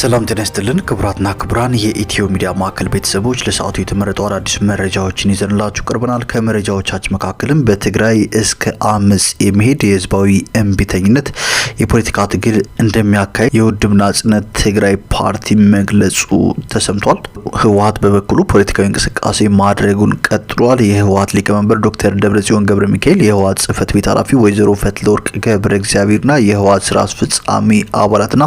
ሰላም ጤና ይስጥልን ክቡራትና ክቡራን የኢትዮ ሚዲያ ማዕከል ቤተሰቦች ለሰዓቱ የተመረጡ አዳዲስ መረጃዎችን ይዘንላችሁ ቀርበናል። ከመረጃዎቻችን መካከልም በትግራይ እስከ አመፅ የሚሄድ የህዝባዊ እምቢተኝነት የፖለቲካ ትግል እንደሚያካሄድ የውድብ ናጽነት ትግራይ ፓርቲ መግለጹ ተሰምቷል። ህወሀት በበኩሉ ፖለቲካዊ እንቅስቃሴ ማድረጉን ቀጥሏል። የህወሀት ሊቀመንበር ዶክተር ደብረጽዮን ገብረ ሚካኤል፣ የህወሀት ጽህፈት ቤት ኃላፊ ወይዘሮ ፈትለወርቅ ገብረ እግዚአብሔርና የህወሀት ስራ አስፈጻሚ አባላትና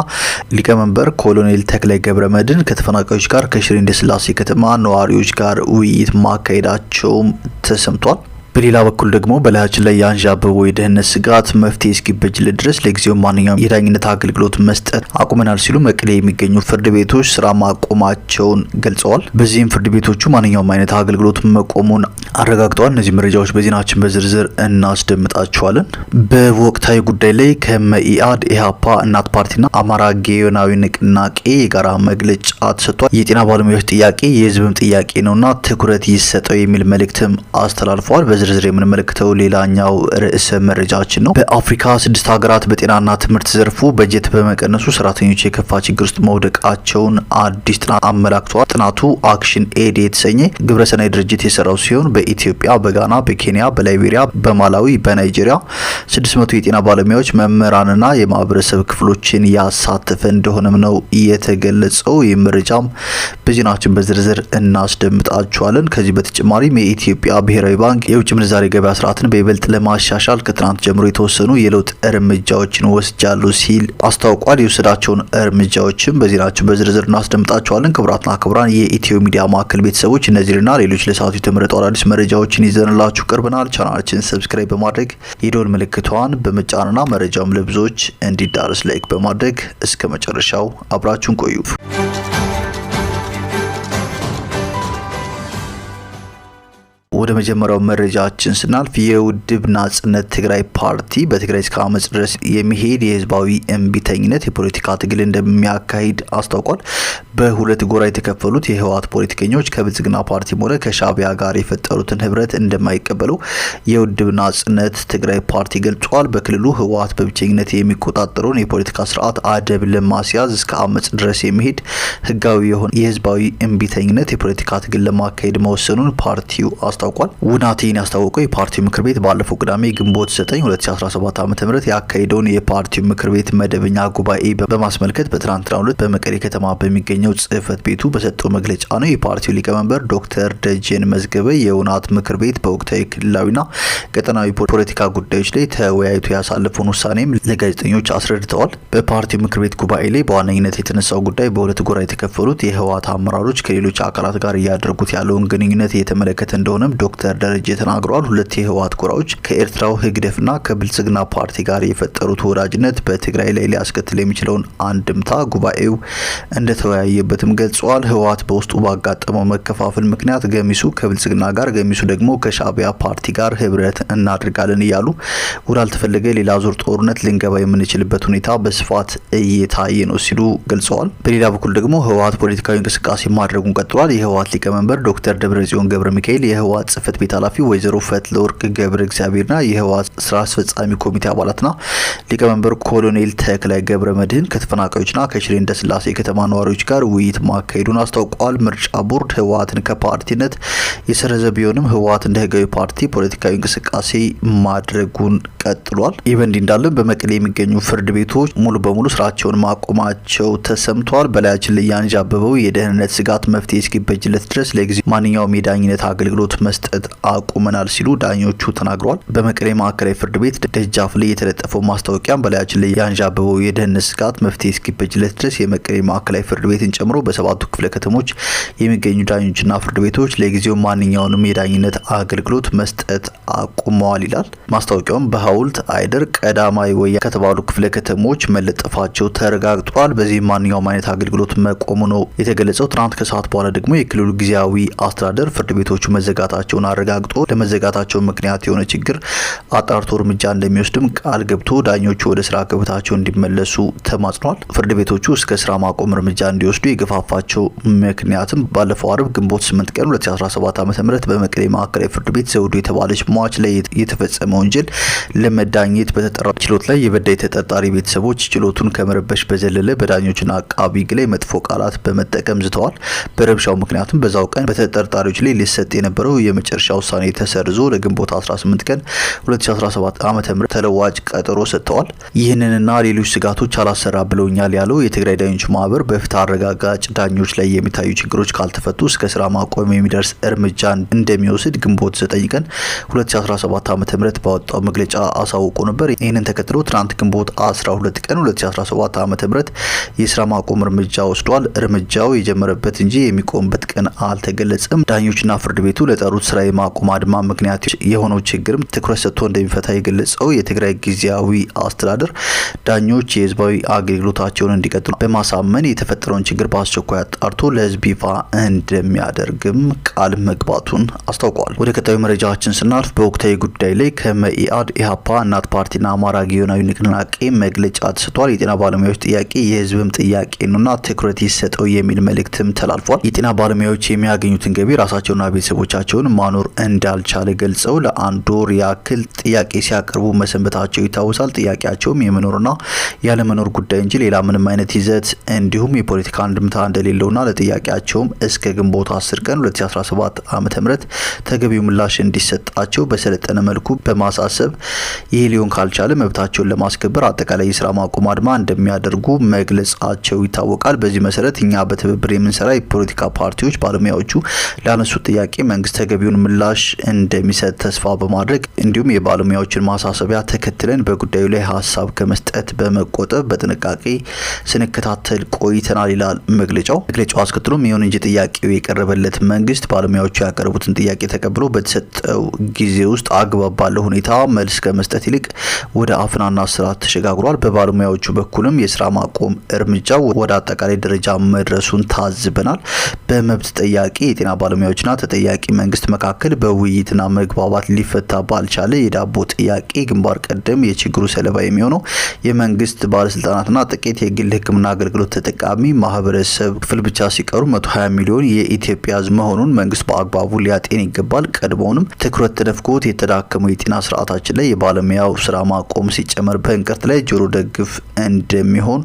ሊቀመንበር ኮሎ ኮሎኔል ተክለ ገብረ መድን ከተፈናቃዮች ጋር ከሽሬ እንዳስላሴ ከተማ ነዋሪዎች ጋር ውይይት ማካሄዳቸውም ተሰምቷል። በሌላ በኩል ደግሞ በላያችን ላይ የአንዣበበው የደህንነት ስጋት መፍትሄ እስኪበጅለት ድረስ ለጊዜው ማንኛውም የዳኝነት አገልግሎት መስጠት አቁመናል ሲሉ መቀሌ የሚገኙ ፍርድ ቤቶች ስራ ማቆማቸውን ገልጸዋል። በዚህም ፍርድ ቤቶቹ ማንኛውም አይነት አገልግሎት መቆሙን አረጋግጠዋል። እነዚህ መረጃዎች በዜናችን በዝርዝር እናስደምጣቸዋለን። በወቅታዊ ጉዳይ ላይ ከመኢአድ፣ ኢህአፓ፣ እናት ፓርቲና አማራ ጌዮናዊ ንቅናቄ የጋራ መግለጫ ተሰጥቷል። የጤና ባለሙያዎች ጥያቄ የህዝብም ጥያቄ ነውና ትኩረት ይሰጠው የሚል መልእክትም አስተላልፈዋል። በዝርዝር የምንመለከተው ሌላኛው ርዕሰ መረጃችን ነው። በአፍሪካ ስድስት ሀገራት በጤናና ትምህርት ዘርፉ በጀት በመቀነሱ ሰራተኞች የከፋ ችግር ውስጥ መውደቃቸውን አዲስ ጥናት አመላክቷል። ጥናቱ አክሽን ኤድ የተሰኘ ግብረሰናይ ድርጅት የሰራው ሲሆን በኢትዮጵያ፣ በጋና፣ በኬንያ፣ በላይቤሪያ፣ በማላዊ፣ በናይጄሪያ 600 የጤና ባለሙያዎች መምህራንና የማህበረሰብ ክፍሎችን ያሳተፈ እንደሆነም ነው የተገለጸው። ይህ መረጃም በዜናችን በዝርዝር እናስደምጣችኋለን። ከዚህ በተጨማሪም የኢትዮጵያ ብሔራዊ ባንክ የውጭ ምንዛሬ ገበያ ስርዓትን በይበልጥ ለማሻሻል ከትናንት ጀምሮ የተወሰኑ የለውጥ እርምጃዎችን ወስጃሉ ሲል አስታውቋል። የወሰዳቸውን እርምጃዎችም በዜናችን በዝርዝር እናስደምጣቸዋለን። ክቡራትና ክቡራን የኢትዮ ሚዲያ ማዕከል ቤተሰቦች እነዚህና ሌሎች ለሰዓቱ የተመረጡ አዳዲስ መረጃዎችን ይዘንላችሁ ቀርበናል። ቻናላችን ሰብስክራይብ በማድረግ የዶል ምልክቷን በመጫንና መረጃውም ለብዙዎች እንዲዳረስ ላይክ በማድረግ እስከ መጨረሻው አብራችሁን ቆዩ። ወደ መጀመሪያው መረጃችን ስናልፍ የውድብ ናጽነት ትግራይ ፓርቲ በትግራይ እስከ አመፅ ድረስ የሚሄድ የህዝባዊ እምቢተኝነት የፖለቲካ ትግል እንደሚያካሂድ አስታውቋል። በሁለት ጎራ የተከፈሉት የህወሓት ፖለቲከኞች ከብልጽግና ፓርቲም ሆነ ከሻቢያ ጋር የፈጠሩትን ህብረት እንደማይቀበሉ የውድብና ጽነት ትግራይ ፓርቲ ገልጿል። በክልሉ ህወሓት በብቸኝነት የሚቆጣጠረውን የፖለቲካ ስርዓት አደብ ለማስያዝ እስከ አመፅ ድረስ የሚሄድ ህጋዊ የሆነ የህዝባዊ እምቢተኝነት የፖለቲካ ትግል ለማካሄድ መወሰኑን ፓርቲው አስታውቋል። ውናቴን ያስታወቀው የፓርቲው ምክር ቤት ባለፈው ቅዳሜ ግንቦት 9 2017 ዓ ም ያካሄደውን የፓርቲው ምክር ቤት መደበኛ ጉባኤ በማስመልከት በትናንትናው ዕለት በመቀሌ ከተማ በሚገኘ የተገኘው ጽህፈት ቤቱ በሰጠው መግለጫ ነው። የፓርቲው ሊቀመንበር ዶክተር ደጀን መዝገበ የውናት ምክር ቤት በወቅታዊ ክልላዊና ቀጠናዊ ፖለቲካ ጉዳዮች ላይ ተወያይቶ ያሳለፈውን ውሳኔም ለጋዜጠኞች አስረድተዋል። በፓርቲው ምክር ቤት ጉባኤ ላይ በዋነኝነት የተነሳው ጉዳይ በሁለት ጎራ የተከፈሉት የህወሓት አመራሮች ከሌሎች አካላት ጋር እያደረጉት ያለውን ግንኙነት የተመለከተ እንደሆነም ዶክተር ደረጀ ተናግረዋል። ሁለት የህወሓት ጎራዎች ከኤርትራው ህግደፍና ከብልጽግና ፓርቲ ጋር የፈጠሩት ወዳጅነት በትግራይ ላይ ሊያስከትል የሚችለውን አንድምታ ጉባኤው እንደተወያየ እንደተለየበትም ገልጸዋል። ህወሀት በውስጡ ባጋጠመው መከፋፈል ምክንያት ገሚሱ ከብልጽግና ጋር፣ ገሚሱ ደግሞ ከሻቢያ ፓርቲ ጋር ህብረት እናድርጋለን እያሉ ወደ አልተፈለገ ሌላ ዙር ጦርነት ልንገባ የምንችልበት ሁኔታ በስፋት እየታየ ነው ሲሉ ገልጸዋል። በሌላ በኩል ደግሞ ህወሀት ፖለቲካዊ እንቅስቃሴ ማድረጉን ቀጥሏል። የህወሀት ሊቀመንበር ዶክተር ደብረጽዮን ገብረ ሚካኤል፣ የህወሀት ጽህፈት ቤት ኃላፊ ወይዘሮ ፈትለወርቅ ገብረ እግዚአብሔርና የህወሀት ስራ አስፈጻሚ ኮሚቴ አባላትና ሊቀመንበር ኮሎኔል ተክላይ ገብረ መድህን ከተፈናቃዮችና ከሽሬ እንደስላሴ ከተማ ነዋሪዎች ጋር ጋር ውይይት ማካሄዱን አስታውቀዋል። ምርጫ ቦርድ ህወሀትን ከፓርቲነት የሰረዘ ቢሆንም ህወሀት እንደ ህጋዊ ፓርቲ ፖለቲካዊ እንቅስቃሴ ማድረጉን ቀጥሏል። ይህ በእንዲህ እንዳለም በመቀሌ የሚገኙ ፍርድ ቤቶች ሙሉ በሙሉ ስራቸውን ማቆማቸው ተሰምቷል። በላያችን ላይ ያንዣበበው የደህንነት ስጋት መፍትሄ እስኪበጅለት ድረስ ለጊዜ ማንኛውም የዳኝነት አገልግሎት መስጠት አቁመናል ሲሉ ዳኞቹ ተናግረዋል። በመቀሌ ማዕከላዊ ፍርድ ቤት ደጃፍ ላይ የተለጠፈው ማስታወቂያም በላያችን ላይ ያንዣበበው የደህንነት ስጋት መፍትሄ እስኪበጅለት ድረስ የመቀሌ ማዕከላዊ ፍርድ ቤትን ጨምሮ በሰባቱ ክፍለ ከተሞች የሚገኙ ዳኞችና ፍርድ ቤቶች ለጊዜው ማንኛውንም የዳኝነት አገልግሎት መስጠት አቁመዋል ይላል ማስታወቂያውም። በሀውልት አይደር፣ ቀዳማዊ ወያ ከተባሉ ክፍለ ከተሞች መለጠፋቸው ተረጋግጧል። በዚህም ማንኛውም አይነት አገልግሎት መቆሙ ነው የተገለጸው። ትናንት ከሰዓት በኋላ ደግሞ የክልሉ ጊዜያዊ አስተዳደር ፍርድ ቤቶቹ መዘጋታቸውን አረጋግጦ ለመዘጋታቸው ምክንያት የሆነ ችግር አጣርቶ እርምጃ እንደሚወስድም ቃል ገብቶ ዳኞቹ ወደ ስራ ገበታቸው እንዲመለሱ ተማጽኗል። ፍርድ ቤቶቹ እስከ ስራ ማቆም እርምጃ እንዲወስዱ እንዲወስዱ የገፋፋቸው ምክንያትም ባለፈው አርብ ግንቦት 8 ቀን 2017 ዓ ም በመቀሌ ማዕከላዊ ፍርድ ቤት ዘውዱ የተባለች ሟች ላይ የተፈጸመ ወንጀል ለመዳኘት በተጠራ ችሎት ላይ የበዳይ ተጠርጣሪ ቤተሰቦች ችሎቱን ከመረበሽ በዘለለ በዳኞችና አቃቢ ሕግ ላይ መጥፎ ቃላት በመጠቀም ዝተዋል። በረብሻው ምክንያቱም በዛው ቀን በተጠርጣሪዎች ላይ ሊሰጥ የነበረው የመጨረሻ ውሳኔ ተሰርዞ ለግንቦት 18 ቀን 2017 ዓ ም ተለዋጭ ቀጠሮ ሰጥተዋል። ይህንንና ሌሎች ስጋቶች አላሰራ ብለውኛል ያለው የትግራይ ዳኞች ማህበር በፍትህ አረጋ በተረጋጋ ዳኞች ላይ የሚታዩ ችግሮች ካልተፈቱ እስከ ስራ ማቆም የሚደርስ እርምጃ እንደሚወስድ ግንቦት 9 ቀን 2017 ዓ ም ባወጣው መግለጫ አሳውቆ ነበር። ይህንን ተከትሎ ትናንት ግንቦት 12 ቀን 2017 ዓ ም የስራ ማቆም እርምጃ ወስዷል። እርምጃው የጀመረበት እንጂ የሚቆምበት ቀን አልተገለጸም። ዳኞችና ፍርድ ቤቱ ለጠሩት ስራ የማቆም አድማ ምክንያት የሆነው ችግርም ትኩረት ሰጥቶ እንደሚፈታ የገለጸው የትግራይ ጊዜያዊ አስተዳደር ዳኞች የህዝባዊ አገልግሎታቸውን እንዲቀጥሉ በማሳመን የተፈጠረውን ችግር በአስቸኳይ አጣርቶ ለህዝብ ይፋ እንደሚያደርግም ቃል መግባቱን አስታውቋል። ወደ ቀጣዩ መረጃችን ስናልፍ በወቅታዊ ጉዳይ ላይ ከመኢአድ፣ ኢህአፓ፣ እናት ፓርቲና አማራ ጊዮናዊ ንቅናቄ መግለጫ ተሰጥቷል። የጤና ባለሙያዎች ጥያቄ የህዝብም ጥያቄ ነውና ትኩረት ይሰጠው የሚል መልእክትም ተላልፏል። የጤና ባለሙያዎች የሚያገኙትን ገቢ ራሳቸውና ቤተሰቦቻቸውን ማኖር እንዳልቻለ ገልጸው ለአንድ ወር ያክል ጥያቄ ሲያቀርቡ መሰንበታቸው ይታወሳል። ጥያቄያቸውም የመኖርና ያለመኖር ጉዳይ እንጂ ሌላ ምንም አይነት ይዘት እንዲሁም የፖለቲካ አንድምታ እንደሌለውና ለጥያቄያቸውም እስከ ግንቦት 10 ቀን 2017 ም ተገቢው ምላሽ እንዲሰጣቸው በሰለጠነ መልኩ በማሳሰብ ይህ ሊሆን ካልቻለ መብታቸውን ለማስከበር አጠቃላይ የስራ ማቆም አድማ እንደሚያደርጉ መግለጻቸው ይታወቃል። በዚህ መሰረት እኛ በትብብር የምንሰራ የፖለቲካ ፓርቲዎች ባለሙያዎቹ ላነሱት ጥያቄ መንግስት ተገቢውን ምላሽ እንደሚሰጥ ተስፋ በማድረግ እንዲሁም የባለሙያዎችን ማሳሰቢያ ተከትለን በጉዳዩ ላይ ሀሳብ ከመስጠት በመቆጠብ በጥንቃቄ ስንከታተል ቆይተናል ይላል። ብሏል መግለጫው። መግለጫው አስከትሎም ይሁን እንጂ ጥያቄው የቀረበለት መንግስት ባለሙያዎቹ ያቀረቡትን ጥያቄ ተቀብሎ በተሰጠው ጊዜ ውስጥ አግባብ ባለው ሁኔታ መልስ ከመስጠት ይልቅ ወደ አፍናና ስርዓት ተሸጋግሯል። በባለሙያዎቹ በኩልም የስራ ማቆም እርምጃ ወደ አጠቃላይ ደረጃ መድረሱን ታዝበናል። በመብት ጠያቂ የጤና ባለሙያዎችና ተጠያቂ መንግስት መካከል በውይይትና መግባባት ሊፈታ ባልቻለ የዳቦ ጥያቄ ግንባር ቀደም የችግሩ ሰለባ የሚሆነው የመንግስት ባለስልጣናትና ጥቂት የግል ሕክምና አገልግሎት ተጠቃሚ ማህበ ማህበረሰብ ክፍል ብቻ ሲቀሩ 120 ሚሊዮን የኢትዮጵያ ህዝብ መሆኑን መንግስት በአግባቡ ሊያጤን ይገባል። ቀድሞውንም ትኩረት ተደፍጎት የተዳከመው የጤና ስርዓታችን ላይ የባለሙያው ስራ ማቆም ሲጨመር በእንቅርት ላይ ጆሮ ደግፍ እንደሚሆን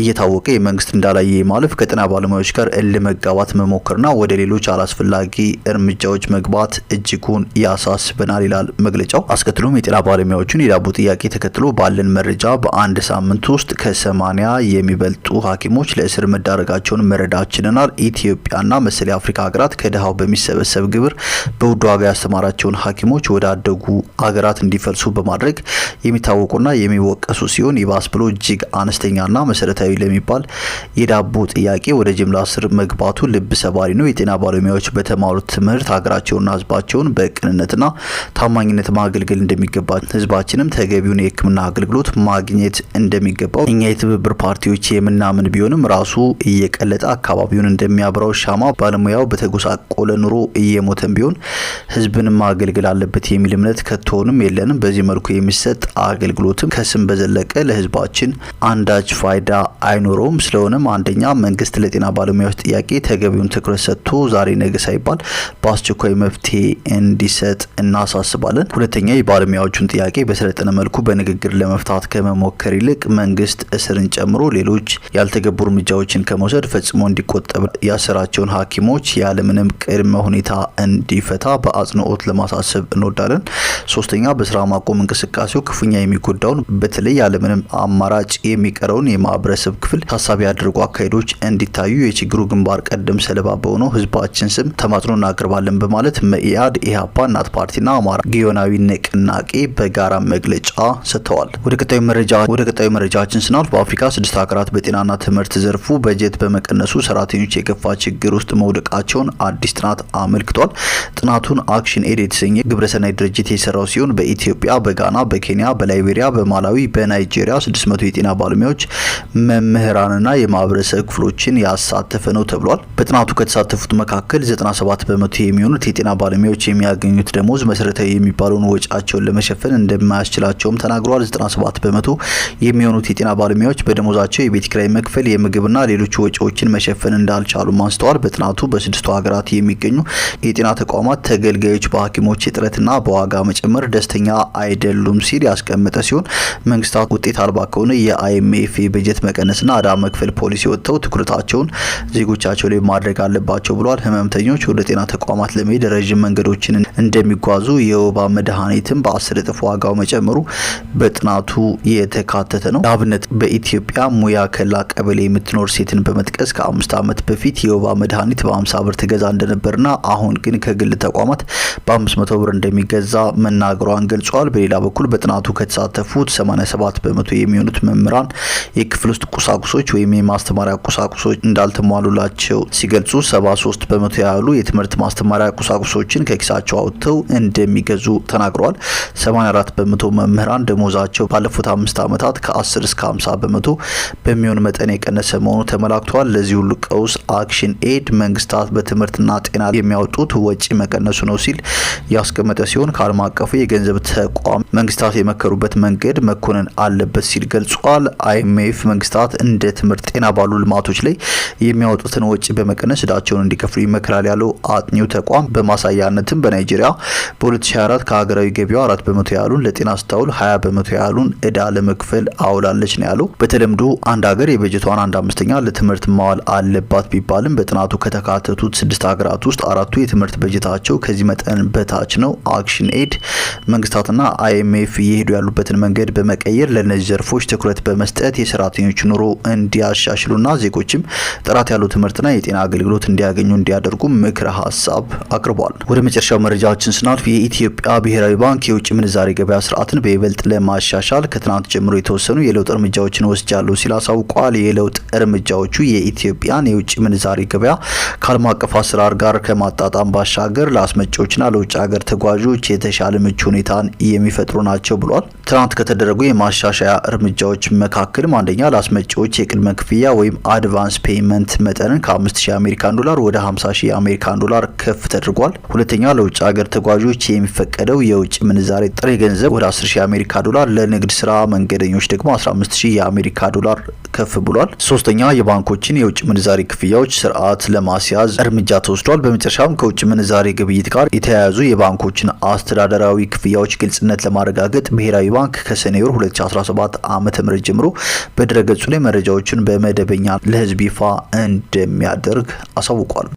እየታወቀ የመንግስት እንዳላየ ማለፍ ከጤና ባለሙያዎች ጋር እልህ መጋባት መሞከርና ወደ ሌሎች አላስፈላጊ እርምጃዎች መግባት እጅጉን ያሳስበናል ይላል መግለጫው። አስከትሎም የጤና ባለሙያዎቹን የዳቦ ጥያቄ ተከትሎ ባለን መረጃ በአንድ ሳምንት ውስጥ ከሰማኒያ የሚበልጡ ሐኪሞች ለእስር መዳ መዳረጋቸውን መረዳት ችለናል። ኢትዮጵያና መሰል የአፍሪካ ሀገራት ከድሃው በሚሰበሰብ ግብር በውድ ዋጋ ያስተማራቸውን ሐኪሞች ወደ አደጉ ሀገራት እንዲፈልሱ በማድረግ የሚታወቁና የሚወቀሱ ሲሆን ይባስ ብሎ እጅግ አነስተኛና መሰረታዊ ለሚባል የዳቦ ጥያቄ ወደ ጅምላ ስር መግባቱ ልብ ሰባሪ ነው። የጤና ባለሙያዎች በተማሩት ትምህርት ሀገራቸውንና ሕዝባቸውን በቅንነትና ታማኝነት ማገልገል እንደሚገባ ህዝባችንም ተገቢውን የህክምና አገልግሎት ማግኘት እንደሚገባው እኛ የትብብር ፓርቲዎች የምናምን ቢሆንም ራሱ እየቀለጠ አካባቢውን እንደሚያብራው ሻማ ባለሙያው በተጎሳቆለ ኑሮ እየሞተን ቢሆን ህዝብን ማገልገል አለበት የሚል እምነት ከቶሆንም የለንም። በዚህ መልኩ የሚሰጥ አገልግሎትም ከስም በዘለቀ ለህዝባችን አንዳች ፋይዳ አይኖረውም። ስለሆነም አንደኛ መንግስት ለጤና ባለሙያዎች ጥያቄ ተገቢውን ትኩረት ሰጥቶ ዛሬ ነገ ሳይባል በአስቸኳይ መፍትሄ እንዲሰጥ እናሳስባለን። ሁለተኛ የባለሙያዎቹን ጥያቄ በሰለጠነ መልኩ በንግግር ለመፍታት ከመሞከር ይልቅ መንግስት እስርን ጨምሮ ሌሎች ያልተገቡ እርምጃዎችን ከመውሰድ ፈጽሞ እንዲቆጠብ ያሰራቸውን ሐኪሞች ያለምንም ቅድመ ሁኔታ እንዲፈታ በአጽንኦት ለማሳሰብ እንወዳለን። ሶስተኛ በስራ ማቆም እንቅስቃሴው ክፉኛ የሚጎዳውን በተለይ ያለምንም አማራጭ የሚቀረውን የማህበረሰብ ክፍል ታሳቢ ያደርጉ አካሄዶች እንዲታዩ የችግሩ ግንባር ቀደም ሰለባ በሆነው ህዝባችን ስም ተማጽኖ እናቀርባለን በማለት መኢአድ፣ ኢህአፓ፣ እናት ፓርቲና አማራ ጊዮናዊ ንቅናቄ በጋራ መግለጫ ሰጥተዋል። ወደ ቀጣዩ መረጃ ወደ ቀጣዩ መረጃችን ስናልፍ በአፍሪካ ስድስት ሀገራት በጤናና ትምህርት ዘርፉ በጀ ጊዜት በመቀነሱ ሰራተኞች የከፋ ችግር ውስጥ መውደቃቸውን አዲስ ጥናት አመልክቷል። ጥናቱን አክሽን ኤድ የተሰኘ ግብረሰናይ ድርጅት የሰራው ሲሆን በኢትዮጵያ፣ በጋና፣ በኬንያ፣ በላይቤሪያ፣ በማላዊ፣ በናይጄሪያ 600 የጤና ባለሙያዎች መምህራንና የማህበረሰብ ክፍሎችን ያሳተፈ ነው ተብሏል። በጥናቱ ከተሳተፉት መካከል 97 በመቶ የሚሆኑት የጤና ባለሙያዎች የሚያገኙት ደሞዝ መሰረታዊ የሚባለውን ወጪያቸውን ለመሸፈን እንደማያስችላቸውም ተናግረዋል። 97 በመቶ የሚሆኑት የጤና ባለሙያዎች በደሞዛቸው የቤት ኪራይ መክፈል፣ የምግብና ሌሎች ሌሎች ወጪዎችን መሸፈን እንዳልቻሉም አንስተዋል። በጥናቱ በስድስቱ ሀገራት የሚገኙ የጤና ተቋማት ተገልጋዮች በሐኪሞች እጥረትና በዋጋ መጨመር ደስተኛ አይደሉም ሲል ያስቀመጠ ሲሆን መንግስታት ውጤት አልባ ከሆነ የአይኤምኤፍ የበጀት መቀነስና አዳ መክፈል ፖሊሲ ወጥተው ትኩረታቸውን ዜጎቻቸው ላይ ማድረግ አለባቸው ብሏል። ህመምተኞች ወደ ጤና ተቋማት ለመሄድ ረዥም መንገዶችን እንደሚጓዙ የወባ መድኃኒትም በአስር እጥፍ ዋጋው መጨመሩ በጥናቱ የተካተተ ነው። ለአብነት በኢትዮጵያ ሙያ ከላ ቀበሌ የምትኖር ሴት ምክንያቶችን በመጥቀስ ከአምስት ዓመት በፊት የወባ መድኃኒት በ50 ብር ትገዛ እንደነበርና አሁን ግን ከግል ተቋማት በ500 ብር እንደሚገዛ መናገሯን ገልጿል። በሌላ በኩል በጥናቱ ከተሳተፉት 87 በመቶ የሚሆኑት መምህራን የክፍል ውስጥ ቁሳቁሶች ወይም የማስተማሪያ ቁሳቁሶች እንዳልተሟሉላቸው ሲገልጹ 73 በመቶ ያሉ የትምህርት ማስተማሪያ ቁሳቁሶችን ከኪሳቸው አውጥተው እንደሚገዙ ተናግረዋል። 84 በመቶ መምህራን ደሞዛቸው ባለፉት አምስት ዓመታት ከ10 እስከ 50 በመቶ በሚሆን መጠን የቀነሰ መሆኑ ተመ ተመላክቷል። ለዚህ ሁሉ ቀውስ አክሽን ኤድ መንግስታት በትምህርትና ጤና የሚያወጡት ወጪ መቀነሱ ነው ሲል ያስቀመጠ ሲሆን ከዓለም አቀፉ የገንዘብ ተቋም መንግስታት የመከሩበት መንገድ መኮንን አለበት ሲል ገልጿል። አይኤምኤፍ መንግስታት እንደ ትምህርት፣ ጤና ባሉ ልማቶች ላይ የሚያወጡትን ወጪ በመቀነስ እዳቸውን እንዲከፍሉ ይመክራል ያለው አጥኚው ተቋም በማሳያነትም በናይጄሪያ በ2024 ከሀገራዊ ገቢዋ አራት በመቶ ያሉን ለጤና ስታውል ሀያ በመቶ ያሉን እዳ ለመክፈል አውላለች ነው ያለው። በተለምዶ አንድ ሀገር የበጀቷን አንድ አምስተኛ ትምህርት ማዋል አለባት ቢባልም በጥናቱ ከተካተቱት ስድስት ሀገራት ውስጥ አራቱ የትምህርት በጀታቸው ከዚህ መጠን በታች ነው። አክሽን ኤድ መንግስታትና አይኤምኤፍ እየሄዱ ያሉበትን መንገድ በመቀየር ለእነዚህ ዘርፎች ትኩረት በመስጠት የሰራተኞች ኑሮ እንዲያሻሽሉና ዜጎችም ጥራት ያለው ትምህርትና የጤና አገልግሎት እንዲያገኙ እንዲያደርጉ ምክረ ሀሳብ አቅርቧል። ወደ መጨረሻው መረጃዎችን ስናልፍ የኢትዮጵያ ብሔራዊ ባንክ የውጭ ምንዛሬ ገበያ ስርዓትን በይበልጥ ለማሻሻል ከትናንት ጀምሮ የተወሰኑ የለውጥ እርምጃዎችን ወስጃለሁ ሲል አሳውቋል። የለውጥ እርምጃዎች ሁኔታዎቹ የኢትዮጵያን የውጭ ምንዛሪ ገበያ ከዓለም አቀፍ አሰራር ጋር ከማጣጣም ባሻገር ለአስመጪዎችና ለውጭ ሀገር ተጓዦች የተሻለ ምቹ ሁኔታን የሚፈጥሩ ናቸው ብሏል። ትናንት ከተደረጉ የማሻሻያ እርምጃዎች መካከልም አንደኛ ለአስመጪዎች የቅድመ ክፍያ ወይም አድቫንስ ፔይመንት መጠንን ከ5000 አሜሪካን ዶላር ወደ 50000 የአሜሪካን ዶላር ከፍ ተደርጓል። ሁለተኛ ለውጭ ሀገር ተጓዦች የሚፈቀደው የውጭ ምንዛሬ ጥሬ ገንዘብ ወደ 10000 የአሜሪካ ዶላር፣ ለንግድ ስራ መንገደኞች ደግሞ 15000 የአሜሪካ ዶላር ከፍ ብሏል። ሶስተኛ ባንኮችን የውጭ ምንዛሪ ክፍያዎች ስርዓት ለማስያዝ እርምጃ ተወስዷል። በመጨረሻም ከውጭ ምንዛሬ ግብይት ጋር የተያያዙ የባንኮችን አስተዳደራዊ ክፍያዎች ግልጽነት ለማረጋገጥ ብሔራዊ ባንክ ከሰኔ ወር 2017 ዓመተ ምህረት ጀምሮ በድረገጹ ላይ መረጃዎችን በመደበኛ ለህዝብ ይፋ እንደሚያደርግ አሳውቋል።